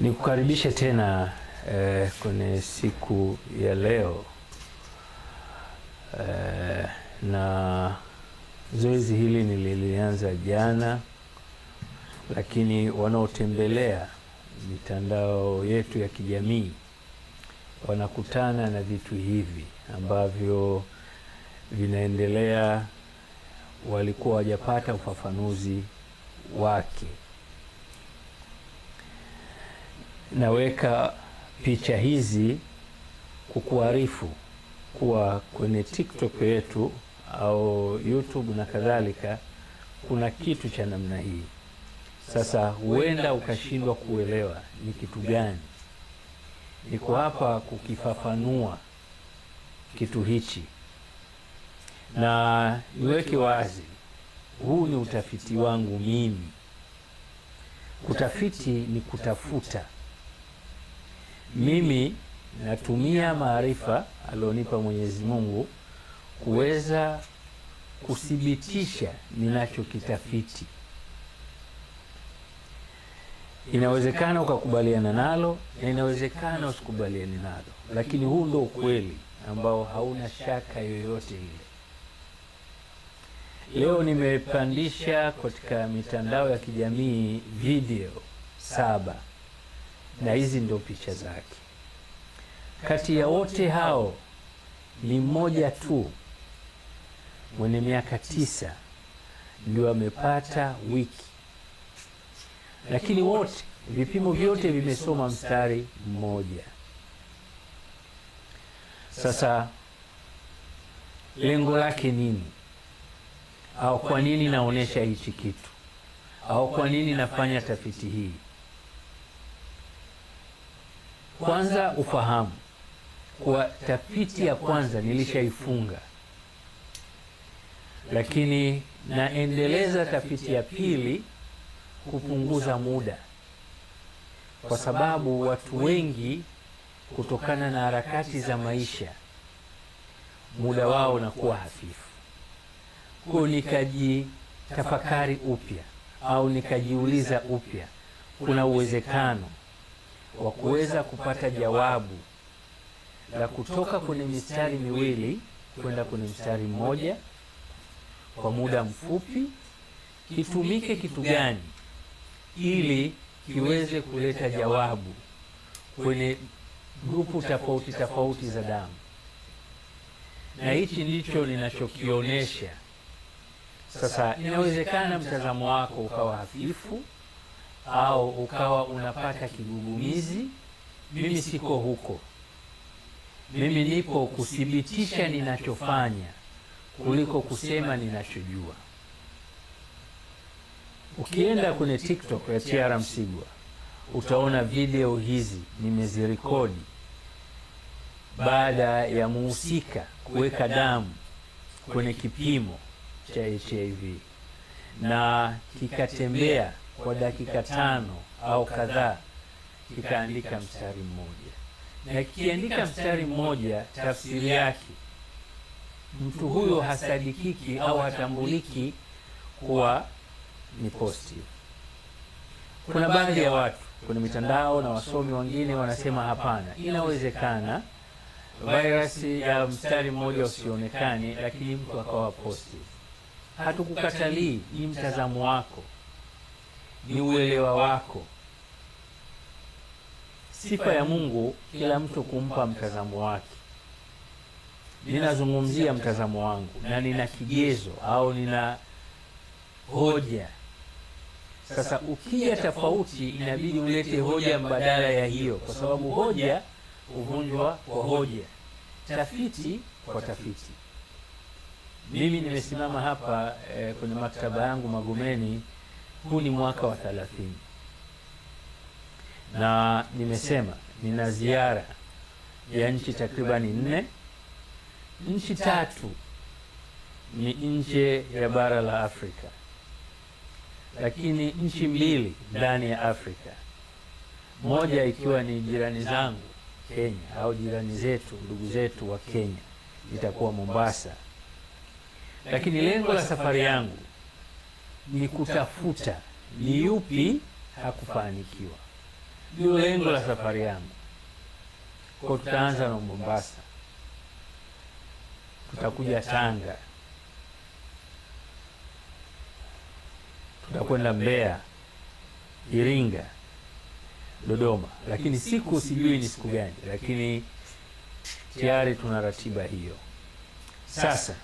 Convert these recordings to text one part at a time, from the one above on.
Nikukaribishe tena eh, kwenye siku ya leo eh, na zoezi hili nililianza jana, lakini wanaotembelea mitandao yetu ya kijamii wanakutana na vitu hivi ambavyo vinaendelea, walikuwa wajapata ufafanuzi wake naweka picha hizi kukuarifu kuwa kwenye TikTok yetu au YouTube na kadhalika kuna kitu cha namna hii. Sasa huenda ukashindwa kuelewa ni kitu gani. Niko hapa kukifafanua kitu hichi na niweke wazi, huu ni utafiti wangu mimi. Utafiti ni kutafuta mimi natumia maarifa alionipa Mwenyezi Mungu kuweza kuthibitisha ninachokitafiti. Inawezekana ukakubaliana nalo na inawezekana usikubaliane nalo, lakini huu ndio ukweli ambao hauna shaka yoyote ile. Leo nimepandisha katika mitandao ya kijamii video saba na hizi ndio picha zake. Kati ya wote hao ni mmoja tu mwenye miaka tisa ndio amepata wiki, lakini wote vipimo vyote vimesoma mstari mmoja. Sasa lengo lake nini? Au kwa nini naonyesha hichi kitu? Au kwa nini nafanya tafiti hii? Kwanza ufahamu kuwa tafiti ya kwanza nilishaifunga, lakini naendeleza tafiti ya pili kupunguza muda, kwa sababu watu wengi kutokana na harakati za maisha muda wao unakuwa hafifu. Kwayo nikajitafakari upya au nikajiuliza upya, kuna uwezekano wa kuweza kupata jawabu la kutoka kwenye mistari miwili kwenda kwenye mstari mmoja kwa muda mfupi, kitumike kitu gani ili kiweze kuleta jawabu kwenye grupu tofauti tofauti za damu, na hichi ndicho ninachokionyesha sasa. Inawezekana mtazamo wako ukawa hafifu au ukawa unapata kigugumizi, mimi siko huko. Mimi nipo kuthibitisha ninachofanya kuliko kusema ninachojua. Ukienda kwenye TikTok ya T.R. Msigwa utaona video hizi nimezirekodi baada ya muhusika kuweka damu kwenye kipimo cha HIV na kikatembea kwa dakika tano au kadhaa kikaandika mstari mmoja, na kikiandika mstari mmoja, tafsiri yake mtu huyo hasadikiki au hatambuliki kuwa ni positive. Kuna baadhi ya watu kwenye mitandao na wasomi wengine wanasema hapana, inawezekana virusi ya mstari mmoja usionekane, lakini mtu akawa positive. Hatukukatalii, ni mtazamo wako ni uelewa wako. Sifa ya Mungu kila mtu kumpa mtazamo wake. Ninazungumzia mtazamo wangu na nina kigezo au nina hoja. Sasa ukija tofauti, inabidi ulete hoja mbadala ya hiyo, kwa sababu hoja huvunjwa kwa hoja, tafiti kwa tafiti. Mimi nimesimama hapa eh, kwenye maktaba yangu Magomeni huu ni mwaka wa thelathini na nimesema nina ziara ya nchi takribani nne. Nchi tatu ni nje ya bara la Afrika, lakini nchi mbili ndani ya Afrika, moja ikiwa ni jirani zangu Kenya au jirani zetu, ndugu zetu wa Kenya, itakuwa Mombasa. Lakini lengo la safari yangu ni kutafuta ni yupi hakufanikiwa. Ndio lengo la safari yangu. Kwa tutaanza na Mombasa, tutakuja Tanga, tutakwenda Mbeya, Iringa, Dodoma, lakini siku sijui ni siku gani, lakini tayari tuna ratiba hiyo. Sasa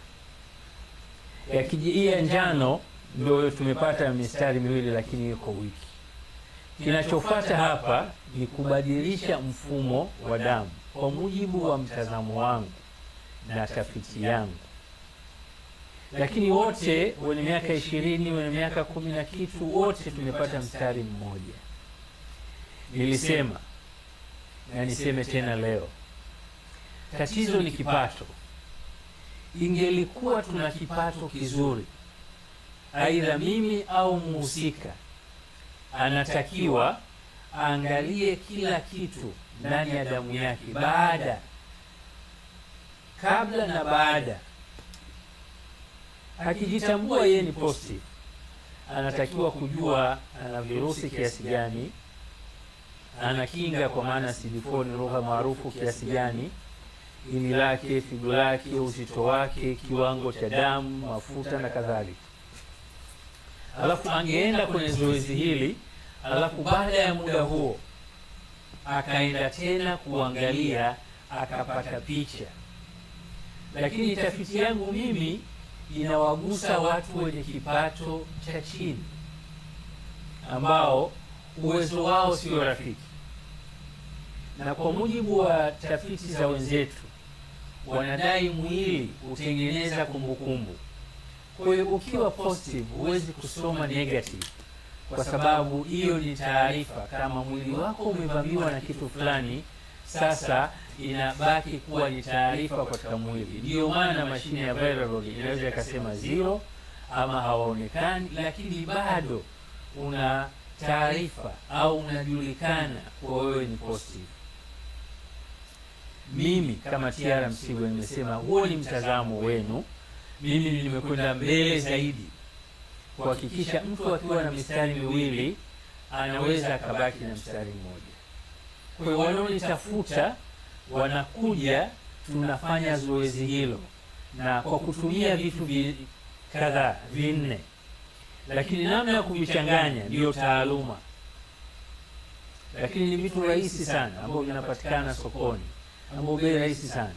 yakiji ya njano ndio tumepata mistari miwili, lakini iko wiki. Kinachofuata hapa ni kubadilisha mfumo wa damu kwa mujibu wa mtazamo wangu na tafiti yangu, lakini wote wenye miaka ishirini, wenye miaka kumi na kitu, wote tumepata mstari mmoja. Nilisema na niseme tena leo, tatizo ni kipato. Ingelikuwa tuna kipato kizuri aidha mimi au mhusika anatakiwa aangalie kila kitu ndani ya damu yake, baada, kabla na baada. Akijitambua yeye ni positive, anatakiwa kujua ana virusi kiasi gani, ana kinga kwa maana CD4 ni lugha maarufu kiasi gani, ini lake, figo lake, uzito wake, kiwango cha damu, mafuta na kadhalika alafu angeenda kwenye zoezi hili, alafu baada ya muda huo akaenda tena kuangalia, akapata picha. Lakini tafiti yangu mimi inawagusa watu wenye kipato cha chini ambao uwezo wao sio rafiki, na kwa mujibu wa tafiti za wenzetu wanadai mwili hutengeneza kumbukumbu kwa hiyo ukiwa positive huwezi kusoma negative, kwa sababu hiyo ni taarifa. Kama mwili wako umevamiwa na kitu fulani, sasa inabaki kuwa ni taarifa katika mwili. Ndiyo maana mashine ya viral inaweza ikasema zero ama hawaonekani, lakini bado una taarifa au unajulikana kwa wewe ni positive. Mimi kama TR Msigwa nimesema huo ni mtazamo wenu mimi nimekwenda mbele zaidi kuhakikisha mtu akiwa na mistari miwili anaweza akabaki na mstari mmoja. Kwa hiyo wanaonitafuta wanakuja, tunafanya zoezi hilo na kwa kutumia vitu vi kadhaa vinne, lakini namna ya kuvichanganya ndiyo taaluma, lakini ni vitu rahisi sana ambavyo vinapatikana sokoni, ambavyo bei rahisi sana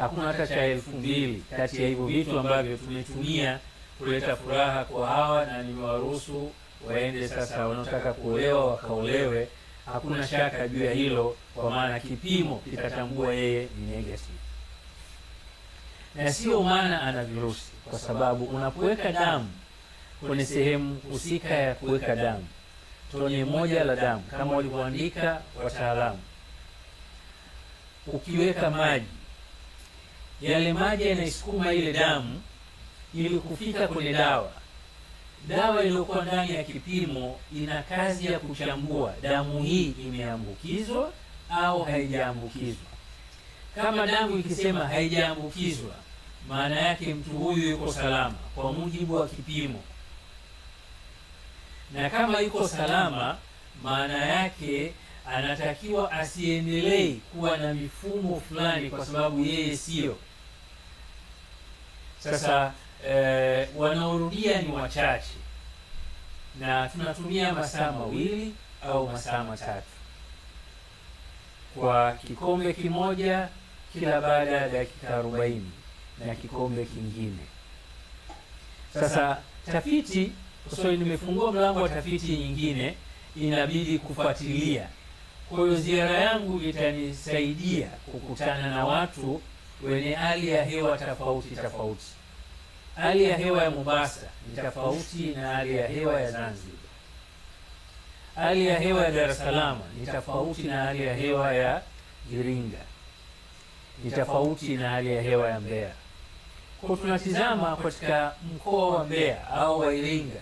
hakuna hata cha elfu mbili kati ya hivyo vitu ambavyo tumetumia kuleta furaha kwa hawa, na nimewaruhusu waende sasa, wanaotaka kuolewa wakaolewe. Hakuna shaka juu ya hilo, kwa maana kipimo kitatambua yeye ni negative, na sio maana ana virusi, kwa sababu unapoweka damu kwenye sehemu husika ya kuweka damu, tone moja la damu kama walivyoandika wataalamu, ukiweka maji yale maji yanaisukuma ile damu ili kufika kwenye dawa. Dawa iliyokuwa ndani ya kipimo ina kazi ya kuchambua damu hii imeambukizwa au haijaambukizwa. Kama damu ikisema haijaambukizwa, maana yake mtu huyu yuko salama kwa mujibu wa kipimo, na kama yuko salama, maana yake anatakiwa asiendelei kuwa na mifumo fulani, kwa sababu yeye siyo sasa eh, wanaorudia ni wachache, na tunatumia masaa mawili au masaa matatu kwa kikombe kimoja kila baada ya dakika arobaini na kikombe kingine. Sasa tafiti so nimefungua mlango wa tafiti nyingine, inabidi kufuatilia. Kwa hiyo ziara yangu itanisaidia kukutana na watu wenye hali ya hewa tofauti tofauti. Hali ya hewa ya Mombasa ni tofauti na hali ya hewa ya Zanzibar. Hali ya hewa ya Dar es Salaam ni tofauti na hali ya hewa ya Iringa, ni tofauti na hali ya hewa ya Mbeya. Kwa tunatizama katika mkoa wa Mbeya au wa Iringa,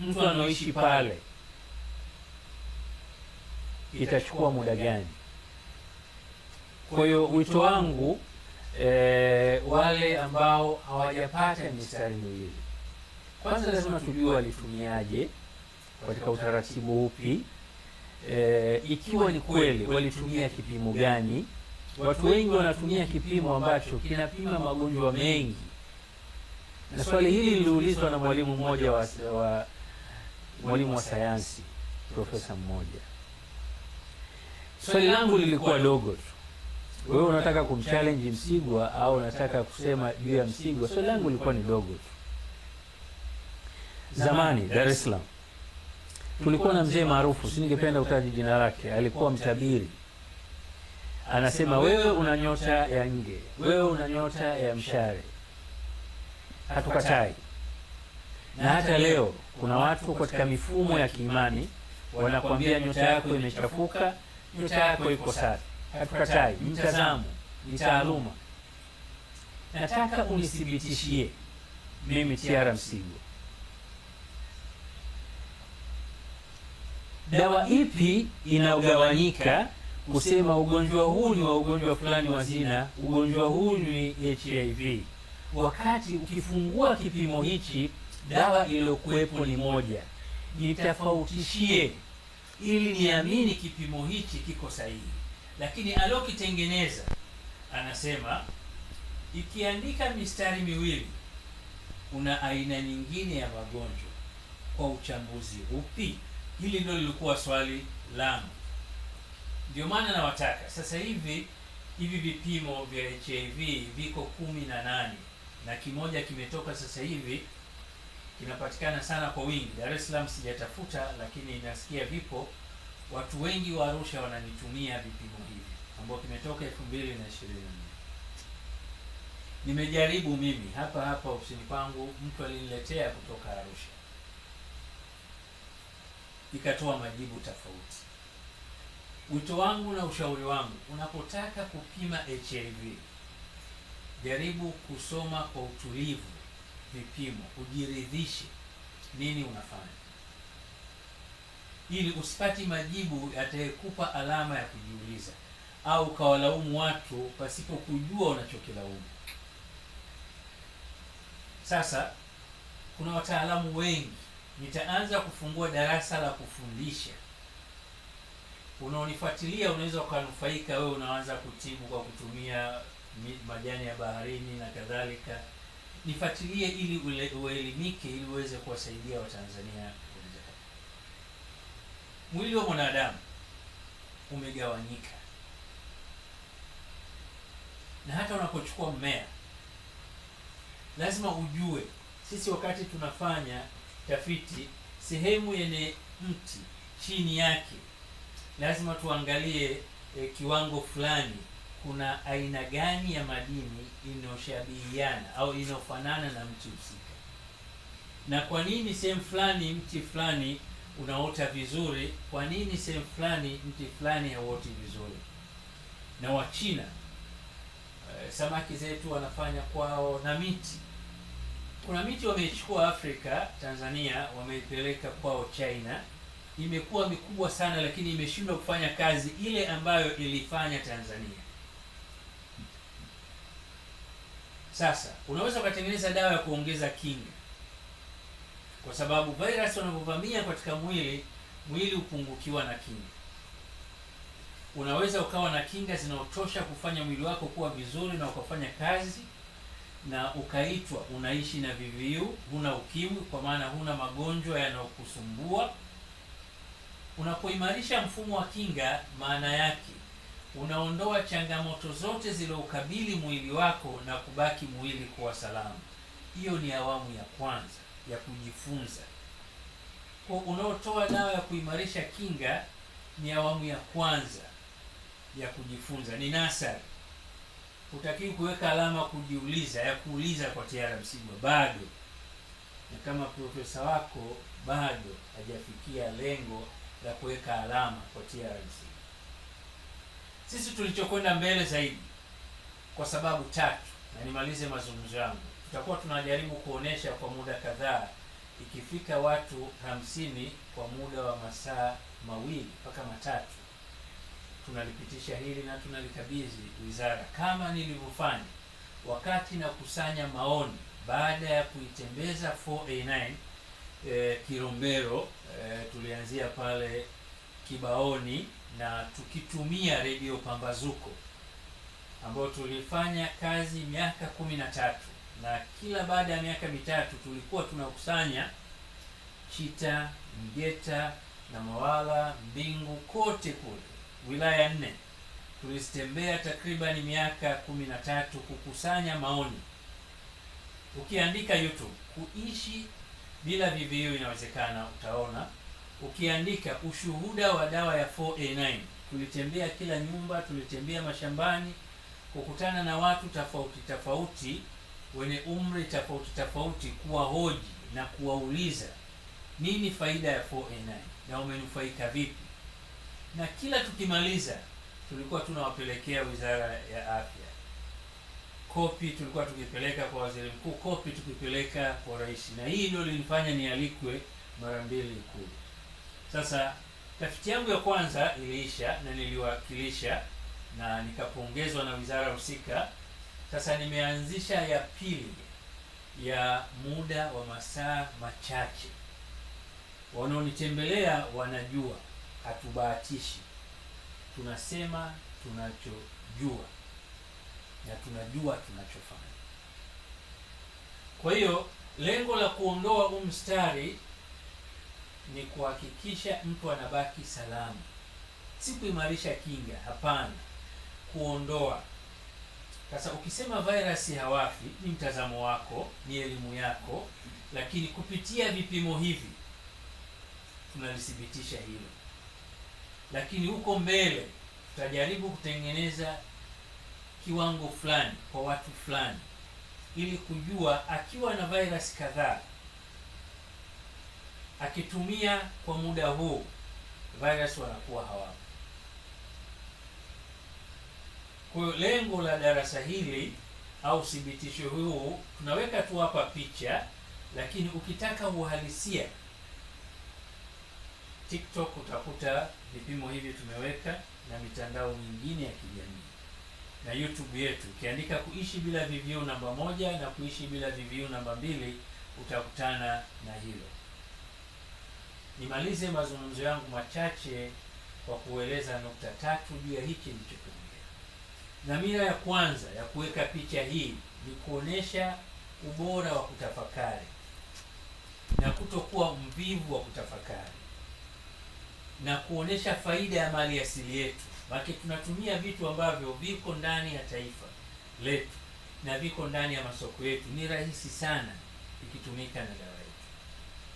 mtu anaoishi pale itachukua muda gani? Kwa hiyo wito wangu e, wale ambao hawajapata mistari miwili, kwanza lazima tujue walitumiaje, katika utaratibu upi, e, ikiwa ni kweli walitumia kipimo gani. Watu wengi wanatumia kipimo ambacho kinapima magonjwa mengi, na swali hili liliulizwa na mwalimu mmoja wa, wa mwalimu wa sayansi, profesa mmoja. Swali langu lilikuwa dogo tu wewe unataka kumchallenge Msigwa au unataka kusema juu ya Msigwa? Swali langu lilikuwa ni dogo tu. Zamani Dar es Salaam tulikuwa na mzee maarufu, siningependa kutaja jina lake, alikuwa mtabiri. Anasema wewe una nyota ya nge, wewe una nyota ya mshale. Hatukatai, na hata leo kuna watu katika mifumo ya kiimani wanakuambia nyota yako imechafuka, nyota yako iko safi hatukatai mtazamo, ni taaluma. Nataka unithibitishie mimi T.R. Msigwa dawa ipi inaogawanyika kusema ugonjwa huu ni wa ugonjwa fulani wa zina, ugonjwa huu ni HIV, wakati ukifungua kipimo hichi dawa iliyokuwepo ni moja. Nitafautishie ili niamini kipimo hichi kiko sahihi lakini alokitengeneza anasema ikiandika mistari miwili kuna aina nyingine ya magonjwa kwa uchambuzi upi? Hili ndio lilikuwa swali langu, ndio maana nawataka sasa hivi. Hivi vipimo vya HIV viko kumi na nane na kimoja kimetoka sasa hivi, kinapatikana sana kwa wingi Dar es Salaam. Sijatafuta, lakini nasikia vipo watu wengi wa Arusha wananitumia vipimo hivi ambao kimetoka 2024. Nimejaribu mimi hapa hapa ofisini kwangu, mtu aliniletea kutoka Arusha ikatoa majibu tofauti. Wito wangu na ushauri wangu, unapotaka kupima HIV jaribu kusoma kwa utulivu vipimo, ujiridhishe nini unafanya ili usipati majibu yatayekupa alama ya kujiuliza au ukawalaumu watu pasipo kujua unachokilaumu. Sasa kuna wataalamu wengi, nitaanza kufungua darasa la kufundisha. Unaonifuatilia unaweza ukanufaika wewe, unaanza kutibu kwa kutumia majani ya baharini na kadhalika. Nifuatilie ili uelimike, ili uweze kuwasaidia Watanzania mwili wa mwanadamu umegawanyika, na hata unapochukua mmea lazima ujue. Sisi wakati tunafanya tafiti, sehemu yenye mti chini yake lazima tuangalie e, kiwango fulani kuna aina gani ya madini inayoshabihiana au inayofanana na mti husika, na kwa nini sehemu fulani mti fulani unaota vizuri, kwa nini sehemu fulani mti fulani hauoti vizuri? Na Wachina e, eh, samaki zetu wanafanya kwao na miti. Kuna miti wameichukua Afrika, Tanzania wameipeleka kwao China, imekuwa mikubwa sana, lakini imeshindwa kufanya kazi ile ambayo ilifanya Tanzania. Sasa unaweza ukatengeneza dawa ya kuongeza kinga kwa sababu virus wanapovamia katika mwili, mwili hupungukiwa na kinga. Unaweza ukawa na kinga zinaotosha kufanya mwili wako kuwa vizuri na ukafanya kazi na ukaitwa unaishi na viviu, huna ukimwi, kwa maana huna magonjwa yanayokusumbua. Unapoimarisha mfumo wa kinga, maana yake unaondoa changamoto zote zilizoukabili mwili wako na kubaki mwili kuwa salama. Hiyo ni awamu ya kwanza ya kujifunza. Kwa unaotoa dawa ya kuimarisha kinga ni awamu ya kwanza ya kujifunza, ni nasari. utakii kuweka alama kujiuliza ya kuuliza kwa tiara msiba bado, na kama profesa wako bado hajafikia lengo la kuweka alama kwa tiara msiba. Sisi tulichokwenda mbele zaidi kwa sababu tatu, na nimalize mazungumzo yangu tutakuwa tunajaribu kuonesha kwa muda kadhaa, ikifika watu hamsini kwa muda wa masaa mawili mpaka matatu, tunalipitisha hili na tunalikabidhi wizara, kama nilivyofanya wakati na kusanya maoni baada ya kuitembeza 4A9 eh, kirombero eh, tulianzia pale Kibaoni na tukitumia redio Pambazuko ambayo tulifanya kazi miaka kumi na tatu na kila baada ya miaka mitatu tulikuwa tunakusanya Chita, Mgeta na Mawala, Mbingu, kote kule wilaya nne. Tulizitembea takribani miaka kumi na tatu kukusanya maoni. Ukiandika YouTube kuishi bila VVU inawezekana, utaona. Ukiandika ushuhuda wa dawa ya 4A9, tulitembea kila nyumba, tulitembea mashambani, kukutana na watu tofauti tofauti wenye umri tofauti tofauti kuwahoji na kuwauliza nini faida ya 4A9 na umenufaika vipi, na kila tukimaliza tulikuwa tunawapelekea Wizara ya Afya kopi, tulikuwa tukipeleka kwa waziri mkuu kopi, tukipeleka kwa rais, na hii ndio linifanya nialikwe mara mbili Ikulu. Sasa tafiti yangu ya kwanza iliisha na niliwakilisha na nikapongezwa na wizara husika. Sasa nimeanzisha ya pili ya muda wa masaa machache. Wanaonitembelea wanajua, hatubahatishi, tunasema tunachojua na tunajua tunachofanya. Kwa hiyo lengo la kuondoa huu mstari ni kuhakikisha mtu anabaki salama, si kuimarisha kinga, hapana, kuondoa sasa ukisema virus hawafi, ni mtazamo wako, ni elimu yako, lakini kupitia vipimo hivi tunalithibitisha hilo, lakini huko mbele tutajaribu kutengeneza kiwango fulani kwa watu fulani, ili kujua akiwa na virus kadhaa akitumia kwa muda huu virus wanakuwa hawapo. Kwa hiyo lengo la darasa hili au thibitisho huu tunaweka tu hapa picha, lakini ukitaka uhalisia TikTok utakuta vipimo hivi tumeweka na mitandao mingine ya kijamii na YouTube yetu. Ukiandika kuishi bila VVU namba moja na kuishi bila VVU namba mbili utakutana na hilo. Nimalize mazungumzo yangu machache kwa kueleza nukta tatu juu ya hiki nilicho Dhamira ya kwanza ya kuweka picha hii ni kuonesha ubora wa kutafakari na kutokuwa mvivu wa kutafakari na kuonesha faida ya mali asili yetu, maana tunatumia vitu ambavyo viko ndani ya taifa letu na viko ndani ya masoko yetu. Ni rahisi sana ikitumika na dawa yetu.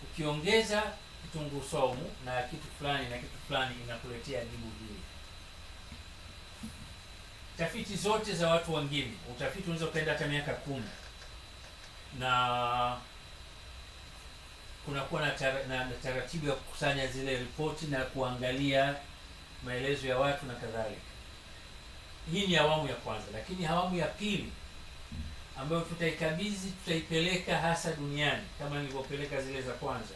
Ukiongeza kitunguu saumu na kitu fulani na kitu fulani, inakuletea jibu hili tafiti zote za watu wengine, utafiti unaweza ukaenda hata miaka kumi na kunakuwa na, tar, na, na taratibu ya kukusanya zile ripoti na kuangalia maelezo ya watu na kadhalika. Hii ni awamu ya kwanza, lakini awamu ya pili ambayo tutaikabizi tutaipeleka hasa duniani kama nilivyopeleka zile za kwanza,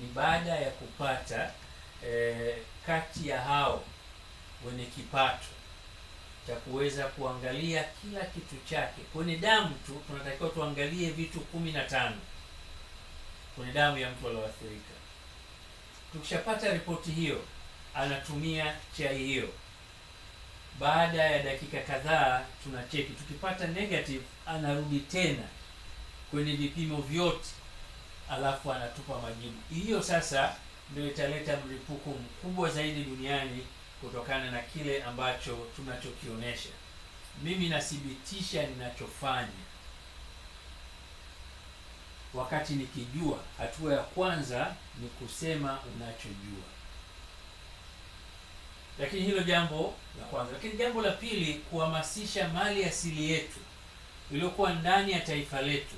ni baada ya kupata eh, kati ya hao wenye kipato cha kuweza kuangalia kila kitu chake. Kwenye damu tu tunatakiwa tuangalie vitu kumi na tano kwenye damu ya mtu alioathirika. Tukishapata ripoti hiyo, anatumia chai hiyo. Baada ya dakika kadhaa, tunacheki. Tukipata negative, anarudi tena kwenye vipimo vyote, alafu anatupa majibu. Hiyo sasa ndio italeta mlipuko mkubwa zaidi duniani kutokana na kile ambacho tunachokionyesha. Mimi nathibitisha ninachofanya, wakati nikijua. Hatua ya kwanza ni kusema unachojua, lakini hilo jambo la kwanza. Lakini jambo la pili, kuhamasisha mali asili yetu iliyokuwa ndani ya taifa letu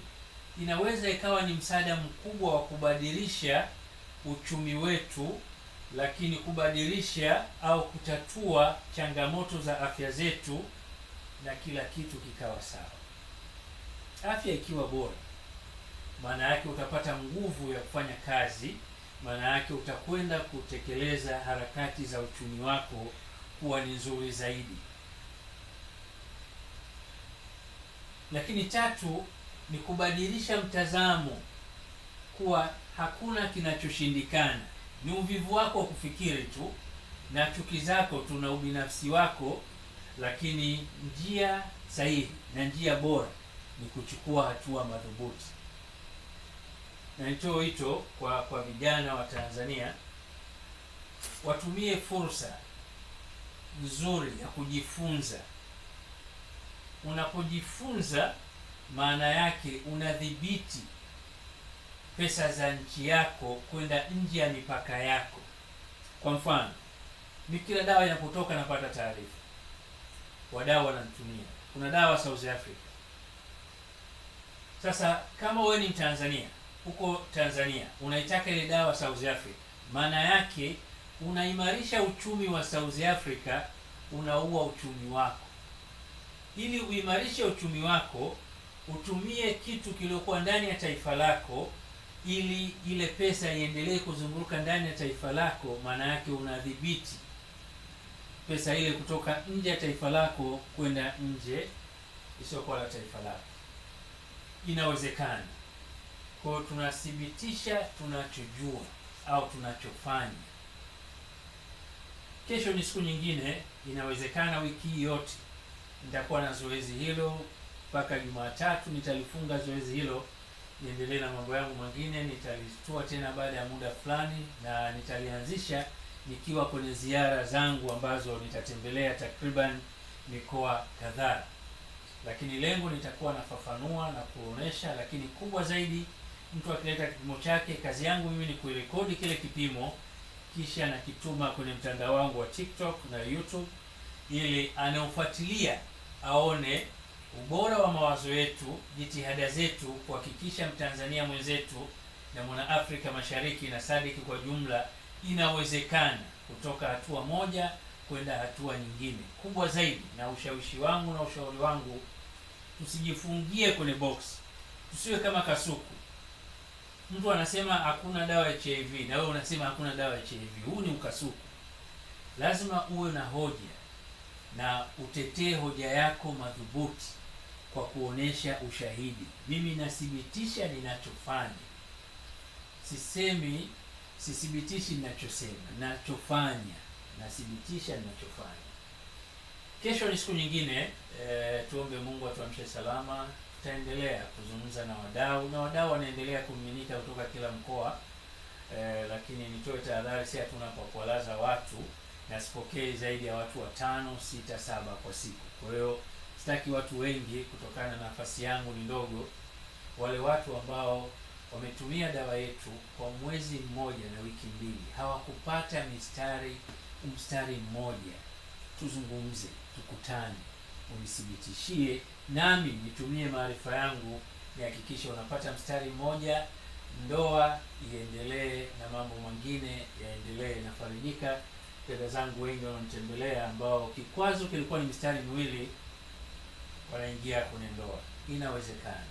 inaweza ikawa ni msaada mkubwa wa kubadilisha uchumi wetu lakini kubadilisha au kutatua changamoto za afya zetu na kila kitu kikawa sawa. Afya ikiwa bora, maana yake utapata nguvu ya kufanya kazi, maana yake utakwenda kutekeleza harakati za uchumi wako kuwa ni nzuri zaidi. Lakini tatu ni kubadilisha mtazamo kuwa hakuna kinachoshindikana ni uvivu wako wa kufikiri tu na chuki zako tu na ubinafsi wako, lakini njia sahihi na njia bora ni kuchukua hatua madhubuti, na nitoe wito kwa kwa vijana wa Tanzania watumie fursa nzuri ya kujifunza. Unapojifunza maana yake unadhibiti pesa za nchi yako kwenda nje ya mipaka yako. Kwa mfano, ni kila dawa inapotoka napata taarifa, wadau wanamtumia. Kuna dawa South Africa. Sasa kama wewe ni Mtanzania huko Tanzania unaitaka ile dawa South Africa, maana yake unaimarisha uchumi wa South Africa, unaua uchumi wako. Ili uimarishe uchumi wako, utumie kitu kiliokuwa ndani ya taifa lako ili ile pesa iendelee kuzunguruka ndani ya taifa lako, maana yake unadhibiti pesa ile kutoka nje ya taifa lako kwenda nje isiyokuwa la taifa lako. Inawezekana. Kwa hiyo tunathibitisha tunachojua au tunachofanya. Kesho ni siku nyingine, inawezekana wiki hii yote nitakuwa na zoezi hilo mpaka Jumatatu nitalifunga zoezi hilo niendelee na mambo yangu mengine, nitalitua tena baada ya muda fulani, na nitalianzisha nikiwa kwenye ziara zangu ambazo nitatembelea takriban mikoa kadhaa, lakini lengo nitakuwa nafafanua na kuonesha, lakini kubwa zaidi, mtu akileta kipimo chake, kazi yangu mimi ni kurekodi kile kipimo, kisha nakituma kwenye mtandao wangu wa TikTok na YouTube ili anaofuatilia aone ubora wa mawazo yetu, jitihada zetu kuhakikisha mtanzania mwenzetu na mwanaafrika mashariki na sadiki kwa jumla inawezekana kutoka hatua moja kwenda hatua nyingine kubwa zaidi. Na ushawishi wangu na ushauri wangu, tusijifungie kwenye box, tusiwe kama kasuku. Mtu anasema hakuna dawa ya HIV na wewe unasema hakuna dawa ya HIV. Huu ni ukasuku. Lazima uwe na hoja na utetee hoja yako madhubuti kwa kuonesha ushahidi. Mimi nathibitisha ninachofanya, sisemi, sithibitishi ninachosema, nachofanya, nathibitisha ninachofanya. Kesho ni siku nyingine e, tuombe Mungu atuamshe salama. Tutaendelea kuzungumza na wadau na wadau wanaendelea kumiminika kutoka kila mkoa e, lakini nitoe tahadhari, si hatuna kwa kuwalaza watu na zaidi ya watu watano sita saba kwa siku. Kwa hiyo sitaki watu wengi, kutokana na nafasi yangu ni ndogo. Wale watu ambao wametumia dawa yetu kwa mwezi mmoja na wiki mbili hawakupata mistari mstari mmoja, tuzungumze, tukutane, unithibitishie nami nitumie maarifa yangu, nihakikishe unapata mstari mmoja, ndoa iendelee na mambo mengine yaendelee. Nafarijika dada zangu wengi wanaonitembelea ambao kikwazo kilikuwa ni mistari miwili, wanaingia kwenye ndoa. Inawezekana.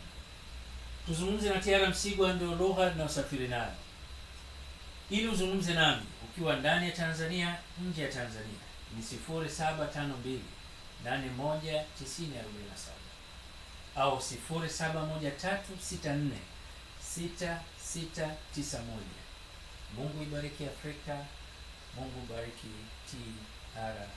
Tuzungumze na Tiara Msigwa, ndio lugha tunayosafiri nayo ili uzungumze nami ukiwa ndani ya Tanzania, nje ya Tanzania ni na saba au moja Mungu ibariki Afrika. Mongo Bark Ki Ara.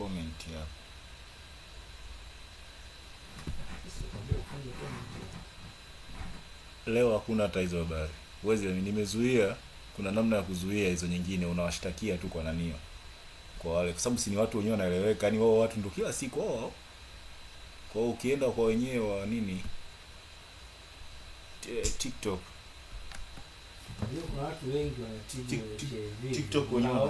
comment hapo. Leo hakuna hata hizo habari. Wezi nimezuia, kuna namna ya kuzuia hizo nyingine, unawashtakia tu kwa nanio. Kwa wale kwa sababu si ni watu wenyewe wanaeleweka, yani wao watu ndio kila siku wao. Kwa hiyo ukienda kwa wenyewe wa nini? TikTok. TikTok wenyewe.